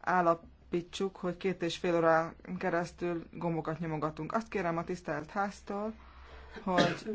állapítsuk, hogy két és fél órán keresztül gombokat nyomogatunk. Azt kérem a tisztelt háztól, hogy